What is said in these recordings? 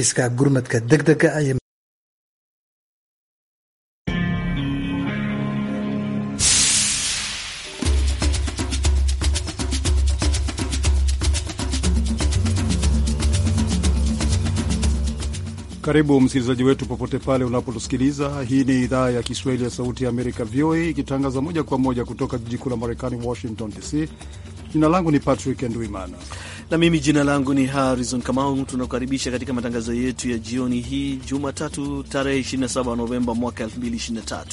Iska gurmadka degdega ah. Karibu msikilizaji wetu popote pale unapotusikiliza. Hii ni idhaa ya Kiswahili ya Sauti ya Amerika, VOA, ikitangaza moja kwa moja kutoka jiji kuu la Marekani, Washington DC. Jina langu ni Patrick Ndwimana na mimi jina langu ni Harrison Kamau. Tunakukaribisha katika matangazo yetu ya jioni hii Jumatatu tarehe 27 Novemba mwaka 2023.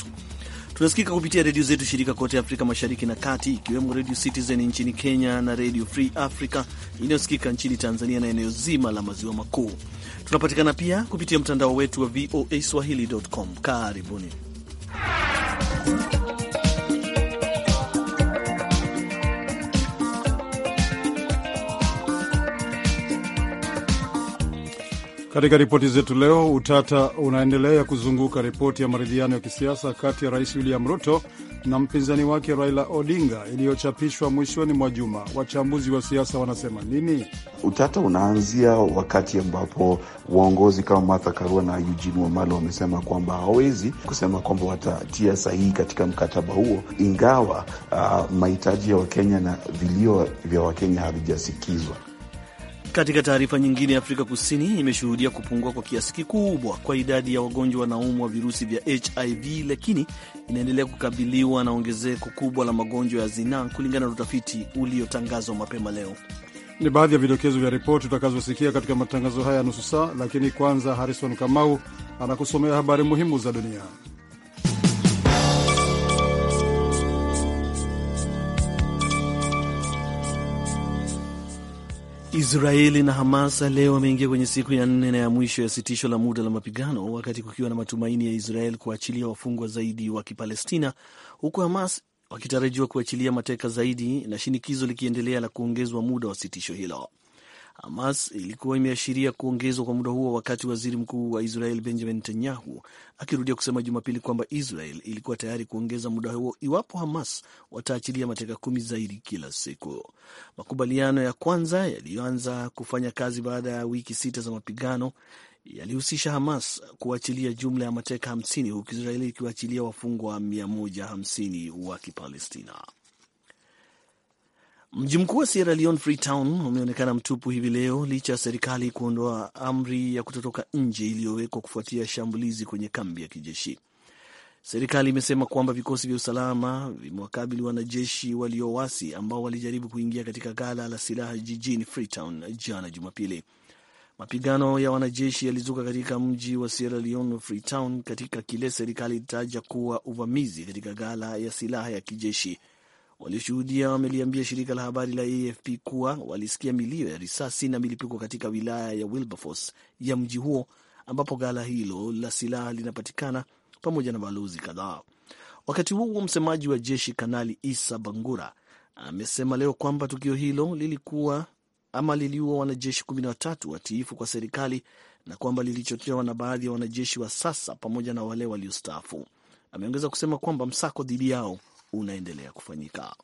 Tunasikika kupitia redio zetu shirika kote Afrika Mashariki na Kati, ikiwemo Radio Citizen nchini Kenya na Radio Free Africa inayosikika nchini Tanzania na eneo zima la maziwa makuu. Tunapatikana pia kupitia mtandao wetu wa VOA swahili.com. Karibuni Katika ripoti zetu leo, utata unaendelea kuzunguka ripoti ya maridhiano ya kisiasa kati ya Rais William Ruto na mpinzani wake Raila Odinga iliyochapishwa mwishoni mwa juma. Wachambuzi wa siasa wanasema nini? Utata unaanzia wakati ambapo waongozi kama Martha Karua na Eugene wamalo wamesema kwamba hawawezi kusema kwamba watatia sahihi katika mkataba huo, ingawa uh, mahitaji ya Wakenya na vilio vya Wakenya havijasikizwa. Katika taarifa nyingine, Afrika Kusini imeshuhudia kupungua kwa kiasi kikubwa kwa idadi ya wagonjwa wanaoumwa virusi vya HIV, lakini inaendelea kukabiliwa na ongezeko kubwa la magonjwa ya zinaa, kulingana na utafiti uliotangazwa mapema leo. Ni baadhi ya vidokezo vya ripoti utakazosikia katika matangazo haya ya nusu saa, lakini kwanza, Harrison Kamau anakusomea habari muhimu za dunia. Israeli na Hamas leo wameingia kwenye siku ya nne na ya mwisho ya sitisho la muda la mapigano, wakati kukiwa na matumaini ya Israel kuachilia wafungwa zaidi wa Kipalestina, huku Hamas wakitarajiwa kuachilia mateka zaidi na shinikizo likiendelea la kuongezwa muda wa sitisho hilo. Hamas ilikuwa imeashiria kuongezwa kwa muda huo, wakati waziri mkuu wa Israel Benjamin Netanyahu akirudia kusema Jumapili kwamba Israel ilikuwa tayari kuongeza muda huo iwapo Hamas wataachilia mateka kumi zaidi kila siku. Makubaliano ya kwanza yaliyoanza kufanya kazi baada ya wiki sita za mapigano yalihusisha Hamas kuachilia jumla ya mateka 50 huku Israeli ikiwaachilia wafungwa 150 wa Kipalestina. Mji mkuu wa Sierra Leone, Freetown, umeonekana mtupu hivi leo licha ya serikali kuondoa amri ya kutotoka nje iliyowekwa kufuatia shambulizi kwenye kambi ya kijeshi. Serikali imesema kwamba vikosi vya usalama vimewakabili wanajeshi waliowasi ambao walijaribu kuingia katika ghala la silaha jijini Freetown jana Jumapili. Mapigano ya wanajeshi yalizuka katika mji wa Sierra Leone Freetown katika kile serikali ilitaja kuwa uvamizi katika ghala ya silaha ya kijeshi walioshuhudia wameliambia shirika la habari la AFP kuwa walisikia milio ya risasi na milipuko katika wilaya ya Wilberforce ya mji huo ambapo ghala hilo la silaha linapatikana pamoja na balozi kadhaa. Wakati huo msemaji wa jeshi Kanali Isa Bangura amesema leo kwamba tukio hilo lilikuwa ama liliua wanajeshi kumi na watatu watiifu kwa serikali na kwamba lilichotewa na baadhi ya wanajeshi wa sasa pamoja na wale waliostaafu. Ameongeza kusema kwamba msako dhidi yao unaendelea kufanyika.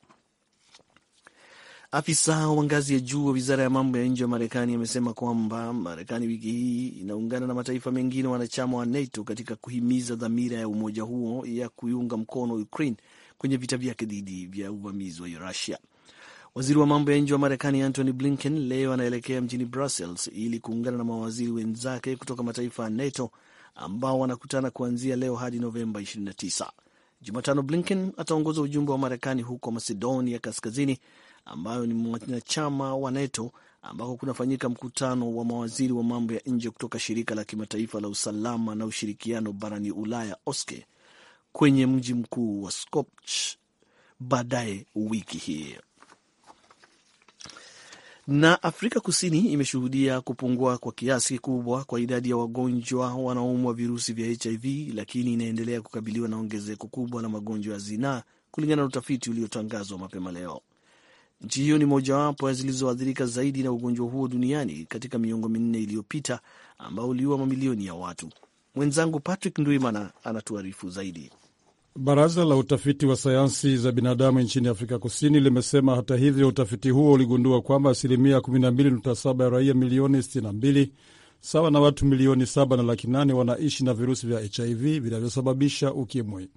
Afisa wa ngazi ya juu wa wizara ya mambo ya nje wa Marekani amesema kwamba Marekani wiki hii inaungana na mataifa mengine wanachama wa NATO katika kuhimiza dhamira ya umoja huo ya kuiunga mkono Ukraine kwenye vita vyake dhidi vya uvamizi wa Rusia. Waziri wa mambo ya nje wa Marekani Antony Blinken leo anaelekea mjini Brussels ili kuungana na mawaziri wenzake kutoka mataifa ya NATO ambao wanakutana kuanzia leo hadi Novemba Jumatano, Blinken ataongoza ujumbe wa Marekani huko Macedonia Kaskazini, ambayo ni mwanachama wa NATO, ambako kunafanyika mkutano wa mawaziri wa mambo ya nje kutoka shirika la kimataifa la usalama na ushirikiano barani Ulaya, OSCE, kwenye mji mkuu wa Skopje baadaye wiki hii. Na Afrika Kusini imeshuhudia kupungua kwa kiasi kubwa kwa idadi ya wagonjwa wanaoumwa virusi vya HIV, lakini inaendelea kukabiliwa na ongezeko kubwa la magonjwa ya zinaa, kulingana na utafiti uliotangazwa mapema leo. Nchi hiyo ni mojawapo ya zilizoathirika zaidi na ugonjwa huo duniani katika miongo minne iliyopita, ambao uliua mamilioni ya watu. Mwenzangu Patrick Ndwimana anatuarifu zaidi. Baraza la utafiti wa sayansi za binadamu nchini Afrika Kusini limesema hata hivyo, utafiti huo uligundua kwamba asilimia 12.7 ya raia milioni 62 sawa na watu milioni 7 na laki 8 wanaishi na virusi vya HIV vinavyosababisha ukimwi.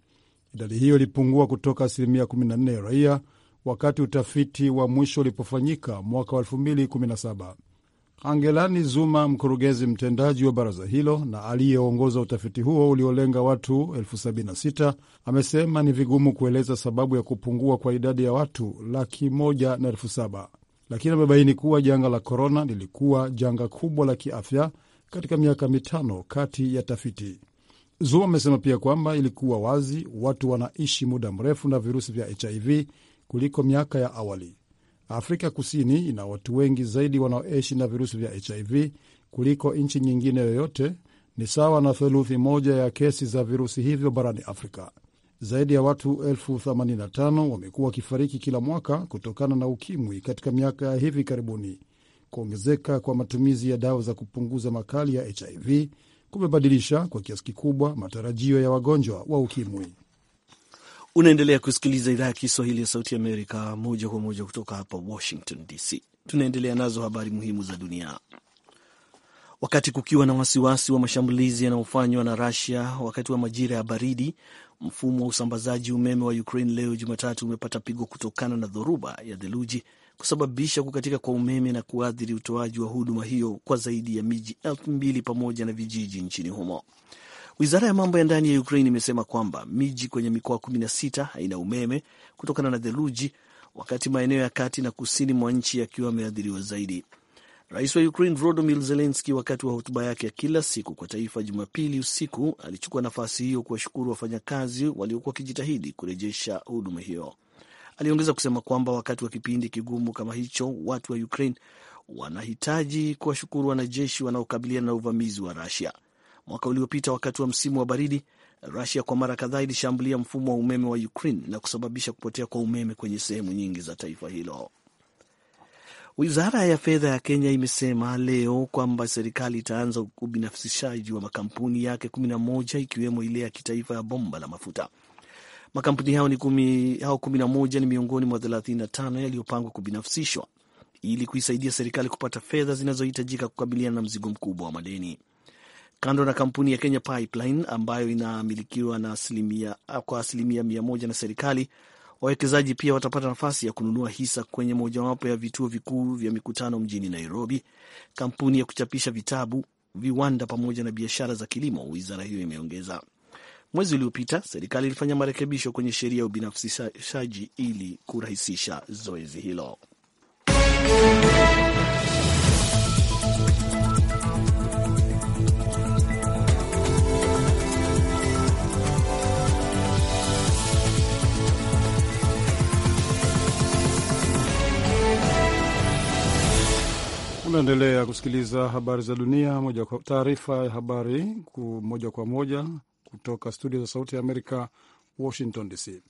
Idadi hiyo ilipungua kutoka asilimia 14 ya raia wakati utafiti wa mwisho ulipofanyika mwaka wa 2017. Angelani Zuma, mkurugenzi mtendaji wa baraza hilo na aliyeongoza utafiti huo uliolenga watu 76 amesema ni vigumu kueleza sababu ya kupungua kwa idadi ya watu laki moja na elfu saba, lakini amebaini kuwa janga la korona lilikuwa janga kubwa la kiafya katika miaka mitano kati ya tafiti. Zuma amesema pia kwamba ilikuwa wazi watu wanaishi muda mrefu na virusi vya HIV kuliko miaka ya awali. Afrika Kusini ina watu wengi zaidi wanaoishi na virusi vya HIV kuliko nchi nyingine yoyote, ni sawa na theluthi moja ya kesi za virusi hivyo barani Afrika. Zaidi ya watu elfu 85 wamekuwa wakifariki kila mwaka kutokana na ukimwi katika miaka ya hivi karibuni. Kuongezeka kwa matumizi ya dawa za kupunguza makali ya HIV kumebadilisha kwa kiasi kikubwa matarajio ya wagonjwa wa ukimwi. Unaendelea kusikiliza idhaa ya Kiswahili ya Sauti Amerika moja kwa moja kutoka hapa Washington DC. Tunaendelea nazo habari muhimu za dunia. Wakati kukiwa na wasiwasi wa mashambulizi yanayofanywa na rasia wakati wa majira ya baridi, mfumo wa usambazaji umeme wa Ukraine leo Jumatatu umepata pigo kutokana na dhoruba ya theluji kusababisha kukatika kwa umeme na kuathiri utoaji wa huduma hiyo kwa zaidi ya miji elfu mbili pamoja na vijiji nchini humo. Wizara ya mambo ya ndani ya Ukraine imesema kwamba miji kwenye mikoa 16 haina umeme kutokana na theluji, wakati maeneo ya kati na kusini mwa nchi yakiwa yameathiriwa zaidi. Rais wa Ukraine Volodymyr Zelensky, wakati wa hotuba yake ya kila siku kwa taifa Jumapili usiku, alichukua nafasi hiyo kuwashukuru wafanyakazi waliokuwa wakijitahidi kurejesha huduma hiyo. Aliongeza kusema kwamba wakati wa kipindi kigumu kama hicho, watu wa Ukraine wanahitaji kuwashukuru wanajeshi wanaokabiliana na uvamizi wa Rusia. Mwaka uliopita wakati wa msimu wa baridi, Rusia kwa mara kadhaa ilishambulia mfumo wa umeme wa Ukraine na kusababisha kupotea kwa umeme kwenye sehemu nyingi za taifa hilo. Wizara ya fedha ya Kenya imesema leo kwamba serikali itaanza ubinafsishaji wa makampuni yake kumi na moja ikiwemo ile ya kitaifa ya bomba la mafuta. Makampuni hao ni kumi, hao kumi na moja ni miongoni mwa thelathini na tano yaliyopangwa kubinafsishwa ili kuisaidia serikali kupata fedha zinazohitajika kukabiliana na mzigo mkubwa wa madeni. Kando na kampuni ya Kenya Pipeline ambayo inamilikiwa na asilimia, kwa asilimia mia moja na serikali, wawekezaji pia watapata nafasi ya kununua hisa kwenye mojawapo ya vituo vikuu vya mikutano mjini Nairobi, kampuni ya kuchapisha vitabu, viwanda pamoja na biashara za kilimo, wizara hiyo imeongeza. Mwezi uliopita serikali ilifanya marekebisho kwenye sheria ya ubinafsishaji ili kurahisisha zoezi hilo. Unaendelea kusikiliza habari za dunia taarifa ya habari moja kwa moja kutoka studio za sauti ya Amerika, Washington DC.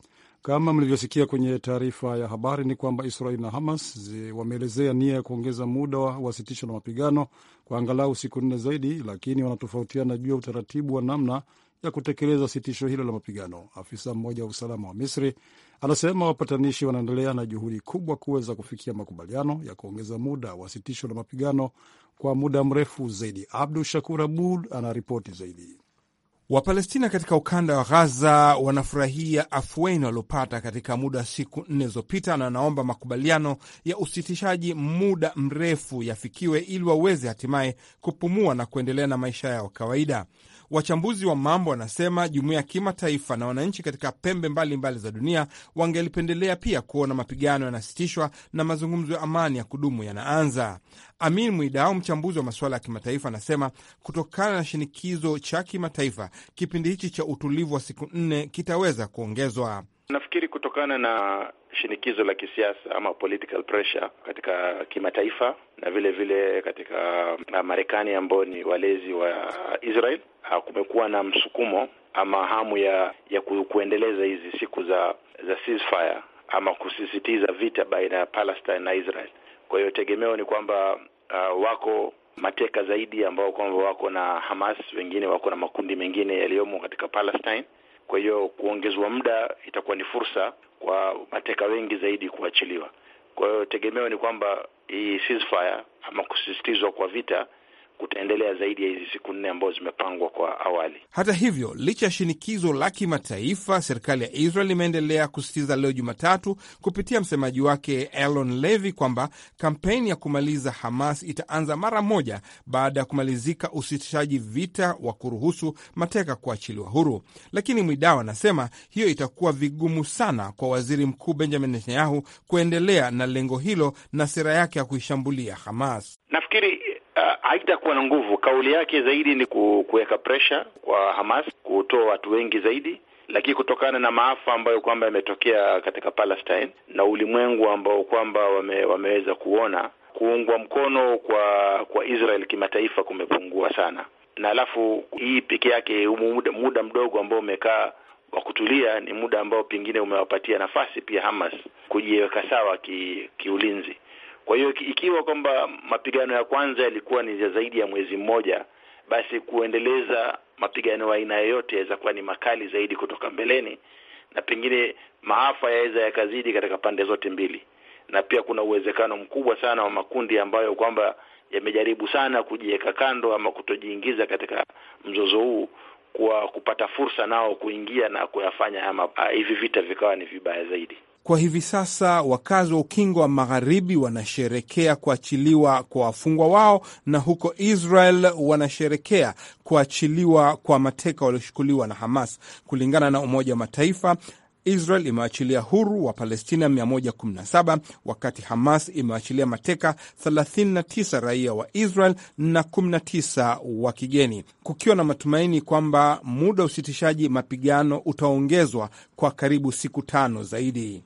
Kama mlivyosikia kwenye taarifa ya habari ni kwamba Israel na Hamas wameelezea nia ya kuongeza muda wa sitisho la mapigano kwa angalau siku nne zaidi, lakini wanatofautiana juu ya utaratibu wa namna ya kutekeleza sitisho hilo la mapigano. Afisa mmoja wa usalama wa Misri Anasema wapatanishi wanaendelea na juhudi kubwa kuweza kufikia makubaliano ya kuongeza muda wa sitisho la mapigano kwa muda mrefu zaidi. Abdu Shakur Abud anaripoti zaidi. Wapalestina katika ukanda wa Ghaza wanafurahia afueni waliopata katika muda wa siku nne zilizopita, na wanaomba makubaliano ya usitishaji muda mrefu yafikiwe ili waweze hatimaye kupumua na kuendelea na maisha yao kawaida. Wachambuzi wa mambo wanasema jumuiya ya kimataifa na wananchi katika pembe mbalimbali mbali za dunia wangelipendelea pia kuona mapigano yanasitishwa na mazungumzo ya amani ya kudumu yanaanza. Amin Mwidau, mchambuzi wa masuala ya kimataifa, anasema kutokana na shinikizo cha kimataifa, kipindi hichi cha utulivu wa siku nne kitaweza kuongezwa. Nafikiri kutokana na shinikizo la kisiasa ama political pressure katika kimataifa na vile vile katika uh, Marekani ambao ni walezi wa Israel Ah, kumekuwa na msukumo ama hamu ya ya kuendeleza hizi siku za za ceasefire ama kusisitiza vita baina ya Palestine na Israel. Kwa hiyo tegemeo ni kwamba uh, wako mateka zaidi ambao kwamba wako na Hamas, wengine wako na makundi mengine yaliyomo katika Palestine. Kwa hiyo kuongezwa muda itakuwa ni fursa kwa mateka wengi zaidi kuachiliwa. Kwa hiyo tegemeo ni kwamba hii ceasefire ama kusisitizwa kwa vita kutaendelea zaidi ya hizi siku nne ambazo zimepangwa kwa awali. Hata hivyo, licha ya shinikizo la kimataifa, serikali ya Israel imeendelea kusisitiza leo Jumatatu kupitia msemaji wake Elon Levy kwamba kampeni ya kumaliza Hamas itaanza mara moja baada ya kumalizika usitishaji vita wa kuruhusu mateka kuachiliwa huru. Lakini Mwidao anasema hiyo itakuwa vigumu sana kwa waziri mkuu Benjamin Netanyahu kuendelea na lengo hilo na sera yake ya kuishambulia Hamas. Nafikiri haitakuwa na nguvu. Kauli yake zaidi ni kuweka pressure kwa Hamas kutoa watu wengi zaidi, lakini kutokana na maafa ambayo kwamba yametokea katika Palestine na ulimwengu ambao kwamba wame, wameweza kuona kuungwa mkono kwa kwa Israel kimataifa kumepungua sana, na alafu hii peke yake muda, muda mdogo ambao umekaa wa kutulia ni muda ambao pengine umewapatia nafasi pia Hamas kujiweka sawa ki, kiulinzi. Kwa hiyo ikiwa kwamba mapigano ya kwanza yalikuwa ni zaidi ya mwezi mmoja, basi kuendeleza mapigano aina yoyote yaweza kuwa ni makali zaidi kutoka mbeleni, na pengine maafa yaweza yakazidi katika pande zote mbili, na pia kuna uwezekano mkubwa sana wa makundi ambayo kwamba yamejaribu sana kujiweka kando ama kutojiingiza katika mzozo huu kwa kupata fursa nao kuingia na kuyafanya ama ah, hivi vita vikawa ni vibaya zaidi. Kwa hivi sasa wakazi wa ukingo wa magharibi wanasherekea kuachiliwa kwa wafungwa wao, na huko Israel wanasherekea kuachiliwa kwa mateka waliochukuliwa na Hamas. Kulingana na Umoja wa Mataifa, Israel imewachilia huru wa Palestina 117 wakati Hamas imewachilia mateka 39 raia wa Israel na 19 wa kigeni, kukiwa na matumaini kwamba muda wa usitishaji mapigano utaongezwa kwa karibu siku tano zaidi.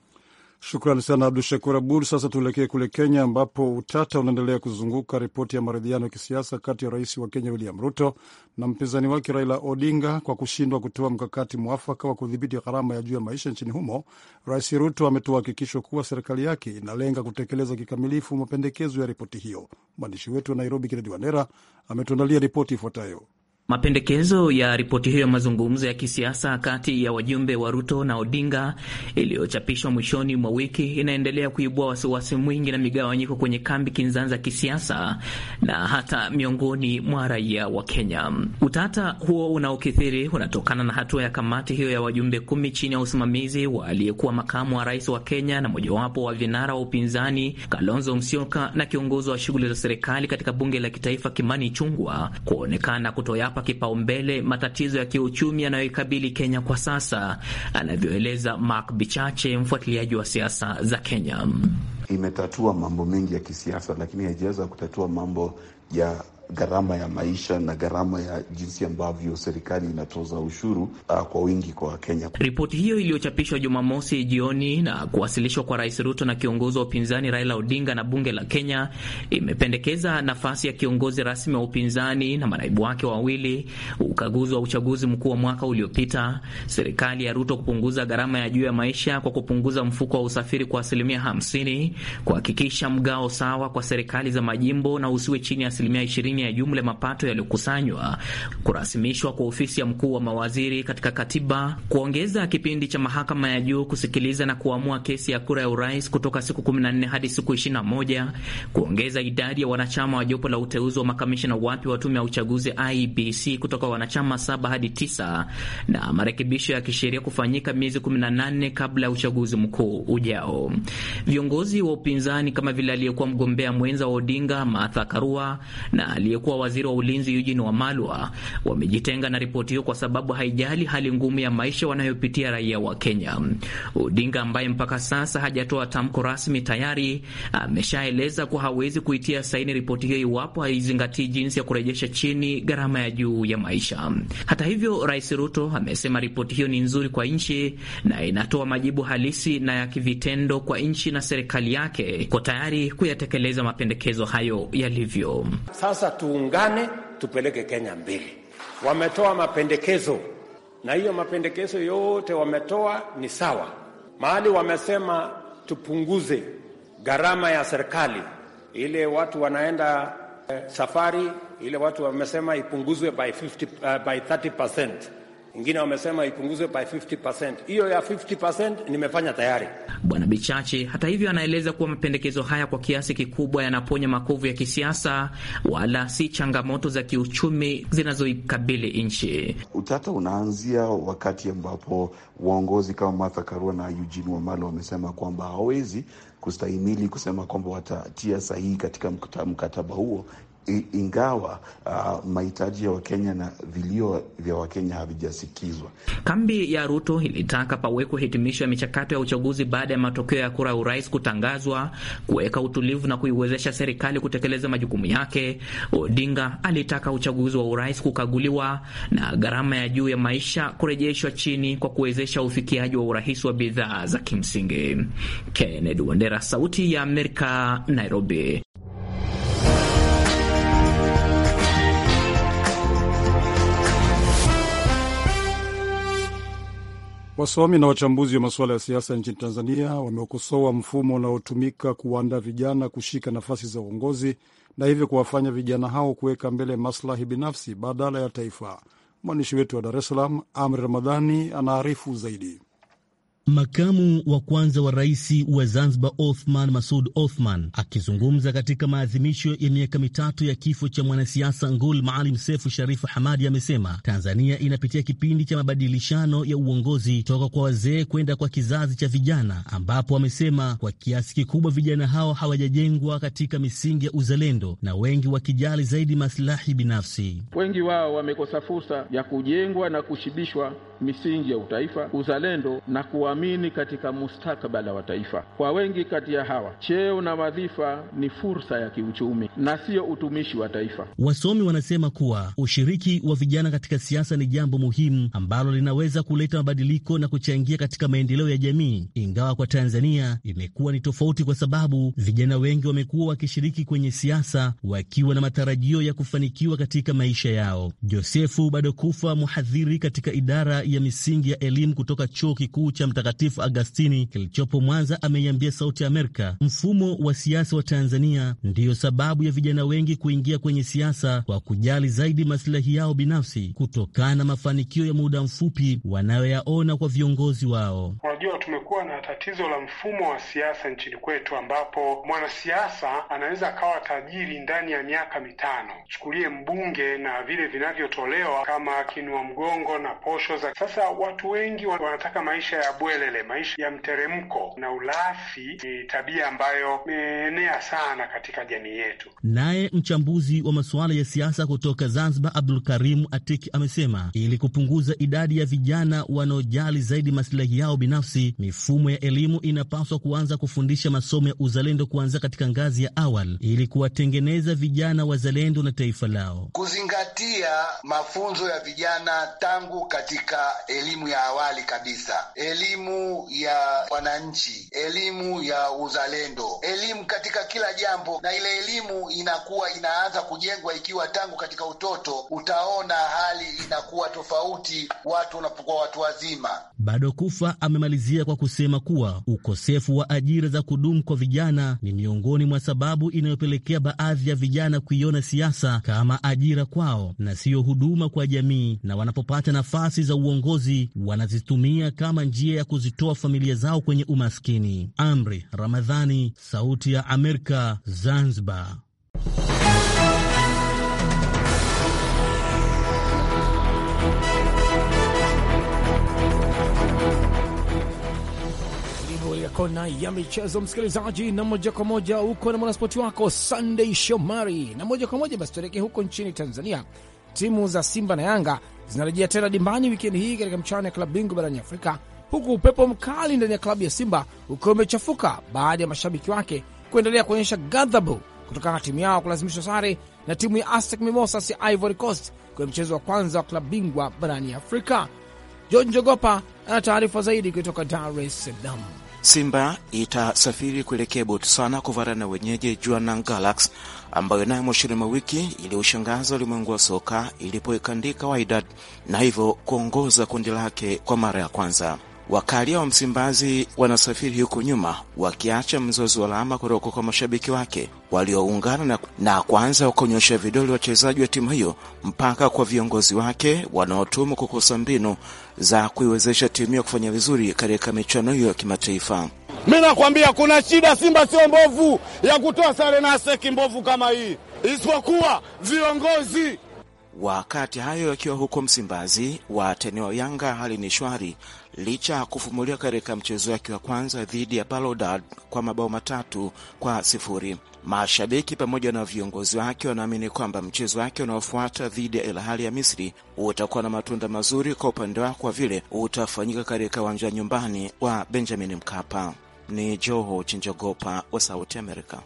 Shukrani sana Abdu Shakur Abud. Sasa tuelekee kule Kenya, ambapo utata unaendelea kuzunguka ripoti ya maridhiano ya kisiasa kati ya rais wa Kenya William Ruto na mpinzani wake Raila Odinga kwa kushindwa kutoa mkakati mwafaka wa kudhibiti gharama ya juu ya maisha nchini humo. Rais Ruto ametoa hakikisho kuwa serikali yake inalenga kutekeleza kikamilifu mapendekezo ya ripoti hiyo. Mwandishi wetu wa Nairobi, Kennedy Wandera, ametuandalia ripoti ifuatayo. Mapendekezo ya ripoti hiyo ya mazungumzo ya kisiasa kati ya wajumbe wa Ruto na Odinga iliyochapishwa mwishoni mwa wiki inaendelea kuibua wasiwasi mwingi na migawanyiko kwenye kambi kinzani za kisiasa na hata miongoni mwa raia wa Kenya. Utata huo unaokithiri unatokana na hatua ya kamati hiyo ya wajumbe kumi chini ya usimamizi wa aliyekuwa makamu wa rais wa Kenya na mojawapo wa vinara wa upinzani Kalonzo Musyoka na kiongozi wa shughuli za serikali katika bunge la kitaifa Kimani Ichung'wah kuonekana kutoyapa kuyapa kipaumbele matatizo ya kiuchumi yanayoikabili Kenya kwa sasa, anavyoeleza Mark Bichache, mfuatiliaji wa siasa za Kenya. Imetatua mambo mengi ya kisiasa, lakini haijaweza kutatua mambo ya gharama ya maisha na gharama ya jinsi ambavyo serikali inatoza ushuru uh, kwa wingi kwa Wakenya. Ripoti hiyo iliyochapishwa Jumamosi jioni na kuwasilishwa kwa Rais Ruto na kiongozi wa upinzani Raila Odinga na bunge la Kenya imependekeza nafasi ya kiongozi rasmi wa upinzani na manaibu wake wawili, ukaguzi wa uchaguzi mkuu wa mwaka uliopita, serikali ya Ruto kupunguza gharama ya juu ya maisha kwa kupunguza mfuko wa usafiri kwa asilimia 50, kuhakikisha mgao sawa kwa serikali za majimbo na usiwe chini ya asilimia ishirini asilimia ya jumla ya mapato yaliyokusanywa, kurasimishwa kwa ofisi ya mkuu wa mawaziri katika katiba, kuongeza kipindi cha mahakama ya juu kusikiliza na kuamua kesi ya kura ya urais kutoka siku 14 hadi siku 21, kuongeza idadi ya wanachama wa jopo la uteuzi wa makamishina wapya wa tume ya uchaguzi ibc e kutoka wanachama saba hadi tisa, na marekebisho ya kisheria kufanyika miezi 18 kabla ya uchaguzi mkuu ujao. Viongozi wa upinzani kama vile aliyekuwa mgombea mwenza wa Odinga Martha Karua na aliyekuwa waziri wa ulinzi Eugene Wamalwa wamejitenga na ripoti hiyo kwa sababu haijali hali ngumu ya maisha wanayopitia raia wa Kenya. Odinga ambaye mpaka sasa hajatoa tamko rasmi, tayari ameshaeleza kuwa hawezi kuitia saini ripoti hiyo iwapo haizingatii jinsi ya kurejesha chini gharama ya juu ya maisha. Hata hivyo, Rais Ruto amesema ripoti hiyo ni nzuri kwa nchi na inatoa majibu halisi na ya kivitendo kwa nchi, na serikali yake iko tayari kuyatekeleza mapendekezo hayo yalivyo. Sasa tuungane, tupeleke Kenya mbili. Wametoa mapendekezo na hiyo mapendekezo yote wametoa ni sawa. Mahali wamesema tupunguze gharama ya serikali ile watu wanaenda eh, safari ile watu wamesema ipunguzwe by 50, uh, eh, by 30% wengine wamesema ipunguzwe by 50%. Hiyo ya 50% nimefanya tayari. Bwana bichache hata hivyo anaeleza kuwa mapendekezo haya kwa kiasi kikubwa yanaponya makovu ya kisiasa wala si changamoto za kiuchumi zinazoikabili nchi. Utata unaanzia wakati ambapo waongozi kama Martha Karua na Eugene Wamalwa wamesema kwamba hawawezi kustahimili kusema kwamba watatia sahihi katika mkataba huo ingawa uh, mahitaji ya Wakenya na vilio vya Wakenya havijasikizwa. Kambi ya Ruto ilitaka pawekwe hitimisho ya michakato ya uchaguzi baada ya matokeo ya kura ya urais kutangazwa, kuweka utulivu na kuiwezesha serikali kutekeleza majukumu yake. Odinga alitaka uchaguzi wa urais kukaguliwa na gharama ya juu ya maisha kurejeshwa chini kwa kuwezesha ufikiaji wa urahisi wa bidhaa za kimsingi. Kennedy Wandera, Sauti ya Amerika, Nairobi. Wasomi na wachambuzi wa masuala ya siasa nchini Tanzania wameukosoa mfumo unaotumika kuwaandaa vijana kushika nafasi za uongozi na hivyo kuwafanya vijana hao kuweka mbele maslahi binafsi badala ya taifa. Mwandishi wetu wa Dar es Salaam, Amri Ramadhani, anaarifu zaidi. Makamu wa kwanza wa rais wa Zanzibar Othman Masud Othman akizungumza katika maadhimisho ya miaka mitatu ya kifo cha mwanasiasa ngul Maalim Sefu Sharifu Hamadi amesema Tanzania inapitia kipindi cha mabadilishano ya uongozi toka kwa wazee kwenda kwa kizazi cha vijana, ambapo amesema kwa kiasi kikubwa vijana hao hawajajengwa katika misingi ya uzalendo na wengi wakijali zaidi maslahi binafsi. Wengi wao wamekosa fursa ya kujengwa na kushibishwa misingi ya utaifa, uzalendo na kuwa kujiamini katika mustakabala wa taifa. Kwa wengi kati ya hawa, cheo na wadhifa ni fursa ya kiuchumi na sio utumishi wa taifa. Wasomi wanasema kuwa ushiriki wa vijana katika siasa ni jambo muhimu ambalo linaweza kuleta mabadiliko na kuchangia katika maendeleo ya jamii, ingawa kwa Tanzania imekuwa ni tofauti, kwa sababu vijana wengi wamekuwa wakishiriki kwenye siasa wakiwa na matarajio ya kufanikiwa katika maisha yao. Josefu Badokufa, mhadhiri katika idara ya misingi ya elimu kutoka chuo kikuu cha Mtakatifu Mtakatifu Agastini kilichopo Mwanza ameiambia Sauti Amerika mfumo wa siasa wa Tanzania ndiyo sababu ya vijana wengi kuingia kwenye siasa kwa kujali zaidi masilahi yao binafsi kutokana na mafanikio ya muda mfupi wanayoyaona kwa viongozi wao. Unajua, tumekuwa na tatizo la mfumo wa siasa nchini kwetu ambapo mwanasiasa anaweza akawa tajiri ndani ya miaka mitano. Chukulie mbunge na vile vinavyotolewa kama kinua mgongo na posho za sasa. Watu wengi wanataka maisha ya bwe uelele, maisha ya mteremko na ulafi ni tabia ambayo imeenea sana katika jamii yetu. Naye mchambuzi wa masuala ya siasa kutoka Zanzibar, Abdul Karimu Atiki, amesema ili kupunguza idadi ya vijana wanaojali zaidi masilahi yao binafsi, mifumo ya elimu inapaswa kuanza kufundisha masomo ya uzalendo kuanzia katika ngazi ya awali, ili kuwatengeneza vijana wazalendo na taifa lao, kuzingatia mafunzo ya vijana tangu katika elimu ya awali kabisa elimu elimu ya wananchi, elimu ya uzalendo, elimu katika kila jambo, na ile elimu inakuwa inaanza kujengwa ikiwa tangu katika utoto. Utaona hali inakuwa tofauti watu wanapokuwa watu wazima. Bado Kufa amemalizia kwa kusema kuwa ukosefu wa ajira za kudumu kwa vijana ni miongoni mwa sababu inayopelekea baadhi ya vijana kuiona siasa kama ajira kwao na siyo huduma kwa jamii, na wanapopata nafasi za uongozi wanazitumia kama njia ya kuzitoa familia zao kwenye umaskini. Amri Ramadhani, Sauti ya Amerika, Zanzibar. Kona ya michezo msikilizaji, na moja kwa moja huko na mwanaspoti wako Sunday Shomari. Na moja kwa moja basi tuelekee huko nchini Tanzania. Timu za Simba na Yanga zinarejea tena dimbani wikendi hii katika mchano ya klabu bingwa barani Afrika, huku upepo mkali ndani ya klabu ya Simba ukiwa umechafuka baada ya mashabiki wake kuendelea kuonyesha ghadhabu kutokana na timu yao kulazimishwa sare na timu ya Astek Mimosas ya Ivory Coast kwenye mchezo wa kwanza wa klabu bingwa barani Afrika. George Njogopa ana taarifa zaidi kutoka Dar es Salaam. Simba itasafiri kuelekea Botswana kuvara na wenyeji Jwaneng Galaxy, ambayo nayo mwishoni mwa wiki iliushangaza ulimwengu wa soka ilipoikandika Wydad na hivyo kuongoza kundi lake kwa mara ya kwanza. Wakalia wa Msimbazi wanasafiri huku nyuma wakiacha mzozo wa lama kutoka kwa mashabiki wake walioungana na, na kwanza kuonyesha vidole wachezaji wa timu hiyo mpaka kwa viongozi wake wanaotumwa kukosa mbinu za kuiwezesha timu hiyo kufanya vizuri katika michuano hiyo ya kimataifa. Mi nakwambia kuna shida, Simba sio mbovu ya kutoa sare na seki mbovu kama hii, isipokuwa viongozi Wakati hayo yakiwa huko Msimbazi, watani wa Yanga hali ni shwari licha ya kufumuliwa katika mchezo wake wa kwanza dhidi ya Balodad kwa mabao matatu kwa sifuri. Mashabiki pamoja na viongozi wake wanaamini kwamba mchezo wake unaofuata dhidi ya Al Ahly ya Misri utakuwa na matunda mazuri kwa upande wao kwa vile utafanyika katika uwanja wa nyumbani wa Benjamin Mkapa. Ni Joho Chinjogopa wa Sauti Amerika.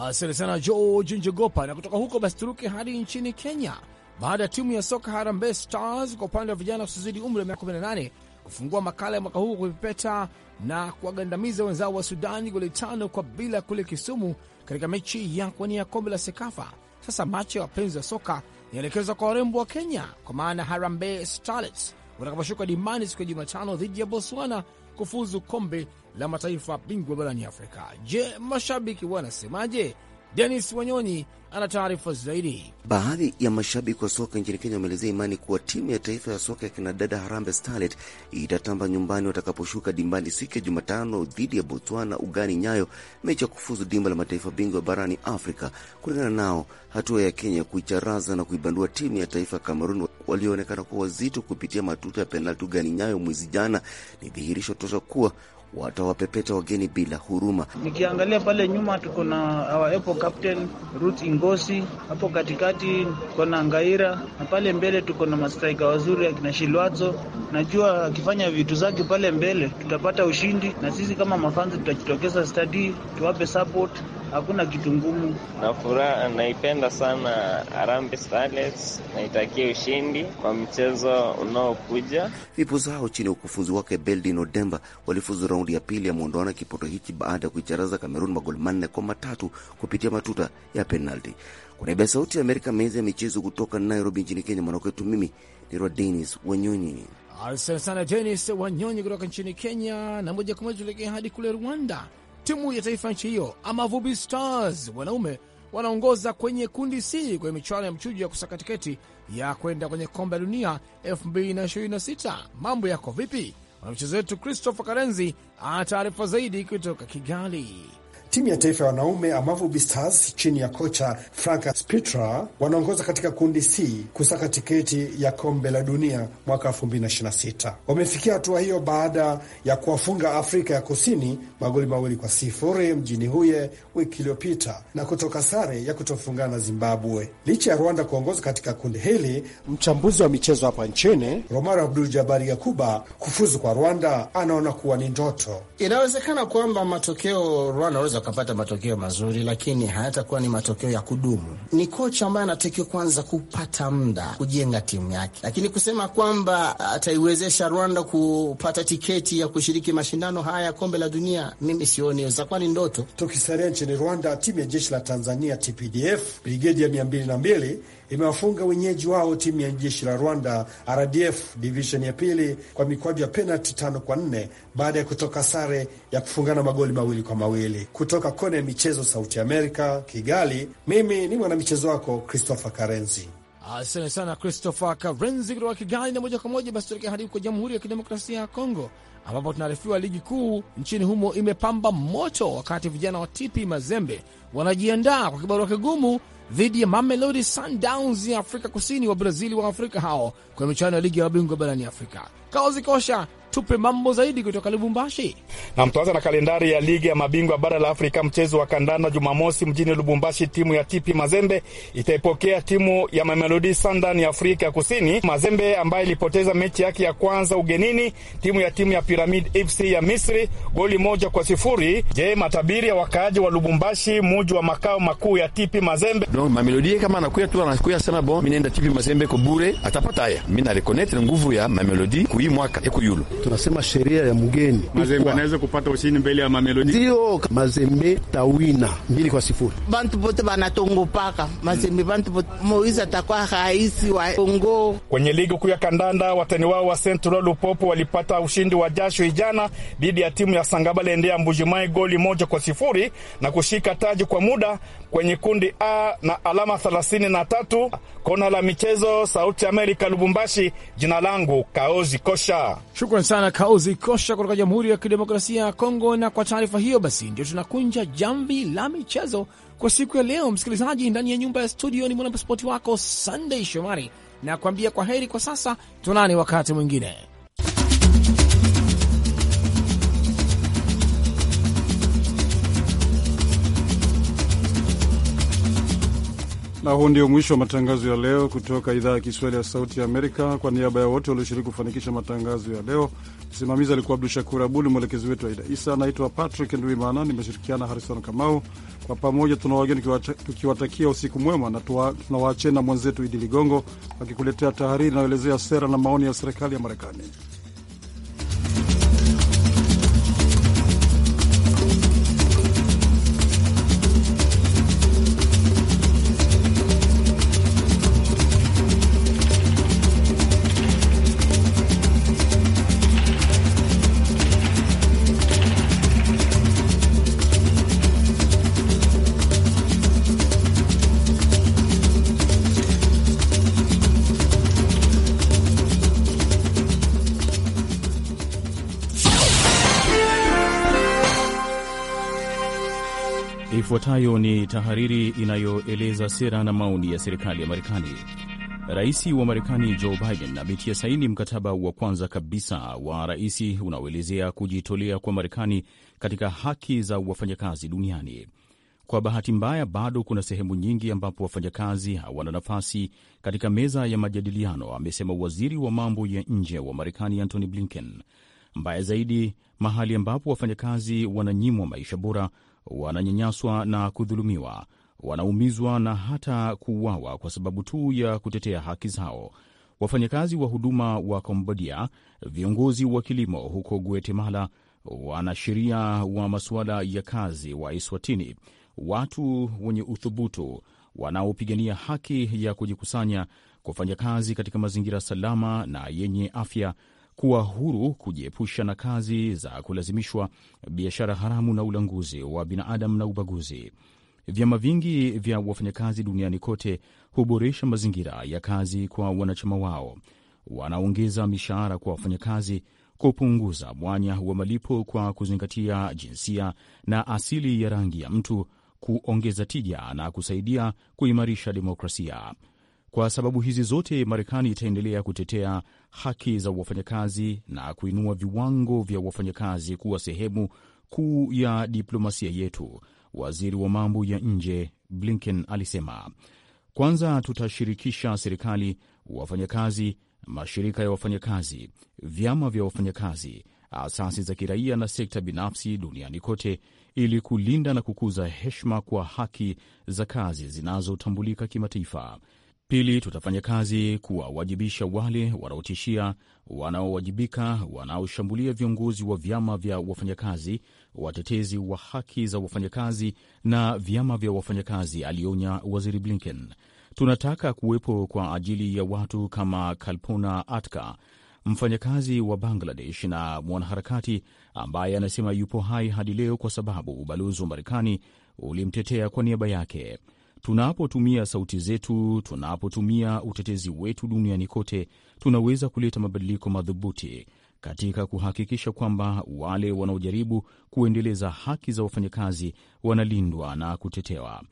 Asante sana Joho Chinjogopa. Na kutoka huko basi turuke hadi nchini Kenya baada ya timu ya soka Harambee Stars kwa upande wa vijana kusizidi umri wa miaka 18 kufungua makala ya mwaka huu kupepeta na kuwagandamiza wenzao wa Sudani goli tano kwa bila kule Kisumu katika mechi ya kuwania kombe la Sekafa. Sasa macho ya wapenzi wa soka inaelekezwa kwa warembo wa Kenya, kwa maana Harambee Starlets watakaposhuka dimani siku ya Jumatano dhidi ya Botswana kufuzu kombe la mataifa bingwa barani Afrika. Je, mashabiki wanasemaje? Denis Wanyonyi ana taarifa zaidi. Baadhi ya mashabiki wa soka nchini Kenya wameelezea imani kuwa timu ya taifa ya soka ya kinadada Harambee Starlet itatamba nyumbani watakaposhuka dimbani siku ya Jumatano dhidi ya Botswana ugani Nyayo, mechi ya kufuzu dimba la mataifa bingwa barani Afrika. Kulingana nao, hatua ya Kenya kuicharaza na kuibandua timu ya taifa ya Kamerun walioonekana kuwa wazito kupitia matuta ya penalti ugani Nyayo mwezi jana ni dhihirisho tosha kuwa watawapepeta wageni bila huruma. Nikiangalia pale nyuma, tuko na our Apple captain Ruth Ingosi, hapo katikati tuko na Ngaira, na pale mbele tuko na mastaika wazuri akina Shilwazo. Najua akifanya vitu zake pale mbele tutapata ushindi, na sisi kama mafanzi tutajitokeza stadi, tuwape support hakuna kitu ngumu. Na furaha naipenda sana Harambee Starlets, naitakia ushindi kwa mchezo unaokuja. Vipusa hao chini ya ukufunzi wake Beldin Odemba walifuzu raundi ya pili ya muondoano kipoto hiki baada ya kuicharaza Kamerun magoli manne kwa matatu kupitia matuta ya penalti. Kwa niaba ya Sauti ya Amerika, mezi ya michezo kutoka Nairobi nchini Kenya, mwanakwetu mimi ni Denis Wanyonyi. Asante sana Denis Wanyonyi kutoka nchini Kenya. Na moja kwa moja tuelekea hadi kule Rwanda Timu ya taifa nchi hiyo Amavubi Stars wanaume wanaongoza kwenye kundi C kwenye michuano ya mchujo ya kusaka tiketi ya kwenda kwenye kombe la dunia 2026. Mambo yako vipi? Mwanamchezo wetu Christopher Karenzi ana taarifa zaidi kutoka Kigali. Timu ya taifa ya wanaume Amavubi Stars chini ya kocha Frank Spitra wanaongoza katika kundi C kusaka tiketi ya kombe la dunia mwaka 2026. Wamefikia hatua hiyo baada ya kuwafunga Afrika ya Kusini magoli mawili kwa sifuri mjini Huye wiki iliyopita na kutoka sare ya kutofungana na Zimbabwe. Licha ya Rwanda kuongoza katika kundi hili, mchambuzi wa michezo hapa nchini Romaro Abdul Jabari Yakuba, kufuzu kwa Rwanda anaona kuwa ni ndoto inawezekana, kwamba matokeo Rwanda wanaweza wakapata matokeo mazuri, lakini hayatakuwa ni matokeo ya kudumu. Ni kocha ambaye anatakiwa kwanza kupata muda kujenga timu yake, lakini kusema kwamba ataiwezesha Rwanda kupata tiketi ya kushiriki mashindano haya ya kombe la dunia, mimi sioni, zakuwa ni ndoto. Tukisalia nchini Rwanda, timu ya jeshi la Tanzania TPDF brigedi ya mia mbili na mbili imewafunga wenyeji wao timu ya jeshi la Rwanda RDF division ya pili kwa mikwaju ya penalti tano kwa nne baada ya kutoka sare ya kufungana magoli mawili kwa mawili. Kutoka kona ya michezo Sauti Amerika, Kigali, mimi ni mwanamichezo wako Christopher Karenzi. Asante sana Christopher Karenzi kutoka Kigali. Na moja kwa moja basi tuelekea hadi kwa Jamhuri ya Kidemokrasia ya Kongo, ambapo tunaarifiwa ligi kuu nchini humo imepamba moto, wakati vijana wa Tipi Mazembe wanajiandaa kwa kibarua kigumu dhidi ya Mamelodi Sundowns ya Afrika Kusini, wa brazili wa Afrika hao kwenye michuano ya ligi ya mabingwa barani Afrika. kaozikosha Tupe mambo zaidi kutoka Lubumbashi. Na mtuanza na kalendari ya ligi ya mabingwa bara la Afrika, mchezo wa kandanda Jumamosi mjini Lubumbashi, timu ya TP Mazembe itaipokea timu ya Mamelodi Sundowns ya Afrika ya Kusini. Mazembe ambaye ilipoteza mechi yake ya kwanza ugenini timu ya timu ya Piramid FC ya Misri goli moja kwa sifuri. Je, matabiri ya wakaaji wa Lubumbashi, muji wa makao makuu ya TP Mazembe? No, Mamelodi kama anakuya tu anakuya sana bon, minaenda TP Mazembe ko atapata haya, mi rekonete nguvu ya Mamelodi kuii mwaka ekuyulu tunasema sheria ya mgeni Mazembe anaweza kupata ushindi mbele ya Mamelodi, ndio Mazembe tawina mbili kwa sifuri. Bantu bote banatongopaka Mazembe, bantu bote Moiza atakuwa rais wa Kongo. Kwenye ligi kuu ya kandanda, watani wao wa Central Lupopo walipata ushindi wa jasho ijana dhidi ya timu ya Sangabale Endea Mbujimai goli moja kwa sifuri na kushika taji kwa muda kwenye kundi A na alama 33. Kona la michezo, Sauti Amerika, Lubumbashi. Jina langu Kaozi Kosha. Shukran sana Kauzi Kosha kutoka Jamhuri ya Kidemokrasia ya Kongo. Na kwa taarifa hiyo basi, ndio tunakunja jamvi la michezo kwa siku ya leo. Msikilizaji, ndani ya nyumba ya studio ni mwanaspoti wako Sunday Shomari na kuambia kwa heri kwa sasa, tunani wakati mwingine. Na huu ndio mwisho wa matangazo ya leo kutoka idhaa ya Kiswahili ya Sauti ya Amerika. Kwa niaba ya wote walioshiriki kufanikisha matangazo ya leo, msimamizi alikuwa Abdu Shakur Abud, mwelekezi wetu Aida Isa. Anaitwa Patrick Ndwimana, nimeshirikiana Harison Kamau. Kwa pamoja tunawageni tukiwatakia usiku mwema, na tunawaacheni na mwenzetu Idi Ligongo akikuletea tahariri inayoelezea sera na maoni ya serikali ya Marekani. Ifuatayo ni tahariri inayoeleza sera na maoni ya serikali ya Marekani. Rais wa Marekani Joe Biden ametia saini mkataba wa kwanza kabisa wa rais unaoelezea kujitolea kwa Marekani katika haki za wafanyakazi duniani. Kwa bahati mbaya, bado kuna sehemu nyingi ambapo wafanyakazi hawana nafasi katika meza ya majadiliano, amesema waziri wa mambo ya nje wa Marekani Antony Blinken. Mbaya zaidi, mahali ambapo wafanyakazi wananyimwa maisha bora, wananyanyaswa na kudhulumiwa, wanaumizwa na hata kuuawa kwa sababu tu ya kutetea haki zao. Wafanyakazi wa huduma wa Kambodia, viongozi wa kilimo huko Guatemala, wanasheria wa masuala ya kazi wa Eswatini, watu wenye uthubutu wanaopigania haki ya kujikusanya, kufanya kazi katika mazingira salama na yenye afya kuwa huru, kujiepusha na kazi za kulazimishwa, biashara haramu na ulanguzi wa binadamu na ubaguzi. Vyama vingi vya wafanyakazi duniani kote huboresha mazingira ya kazi kwa wanachama wao, wanaongeza mishahara kwa wafanyakazi, kupunguza mwanya wa malipo kwa kuzingatia jinsia na asili ya rangi ya mtu, kuongeza tija na kusaidia kuimarisha demokrasia. Kwa sababu hizi zote, Marekani itaendelea kutetea haki za wafanyakazi na kuinua viwango vya wafanyakazi kuwa sehemu kuu ya diplomasia yetu, waziri wa mambo ya nje Blinken alisema. Kwanza tutashirikisha serikali, wafanyakazi, mashirika ya wafanyakazi, vyama vya wafanyakazi, asasi za kiraia na sekta binafsi duniani kote ili kulinda na kukuza heshima kwa haki za kazi zinazotambulika kimataifa. Pili, tutafanya kazi kuwawajibisha wale wanaotishia, wanaowajibika, wanaoshambulia viongozi wa vyama vya wafanyakazi, watetezi wa haki za wafanyakazi na vyama vya wafanyakazi, alionya Waziri Blinken. Tunataka kuwepo kwa ajili ya watu kama Kalpana Atka, mfanyakazi wa Bangladesh na mwanaharakati ambaye anasema yupo hai hadi leo kwa sababu ubalozi wa Marekani ulimtetea kwa niaba yake. Tunapotumia sauti zetu, tunapotumia utetezi wetu duniani kote, tunaweza kuleta mabadiliko madhubuti katika kuhakikisha kwamba wale wanaojaribu kuendeleza haki za wafanyakazi wanalindwa na kutetewa.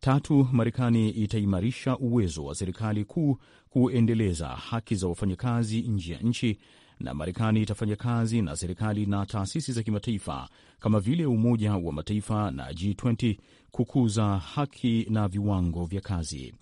Tatu, Marekani itaimarisha uwezo wa serikali kuu kuendeleza haki za wafanyakazi nje ya nchi na Marekani itafanya kazi na serikali na taasisi za kimataifa kama vile Umoja wa Mataifa na G20 kukuza haki na viwango vya kazi.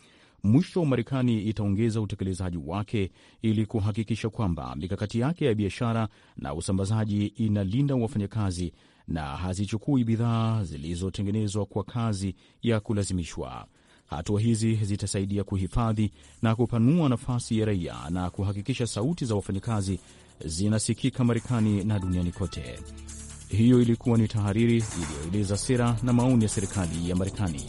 Mwisho, Marekani itaongeza utekelezaji wake ili kuhakikisha kwamba mikakati yake ya biashara na usambazaji inalinda wafanyakazi na hazichukui bidhaa zilizotengenezwa kwa kazi ya kulazimishwa. Hatua hizi zitasaidia kuhifadhi na kupanua nafasi ya raia na kuhakikisha sauti za wafanyakazi zinasikika Marekani na duniani kote. Hiyo ilikuwa ni tahariri iliyoeleza sera na maoni ya serikali ya Marekani.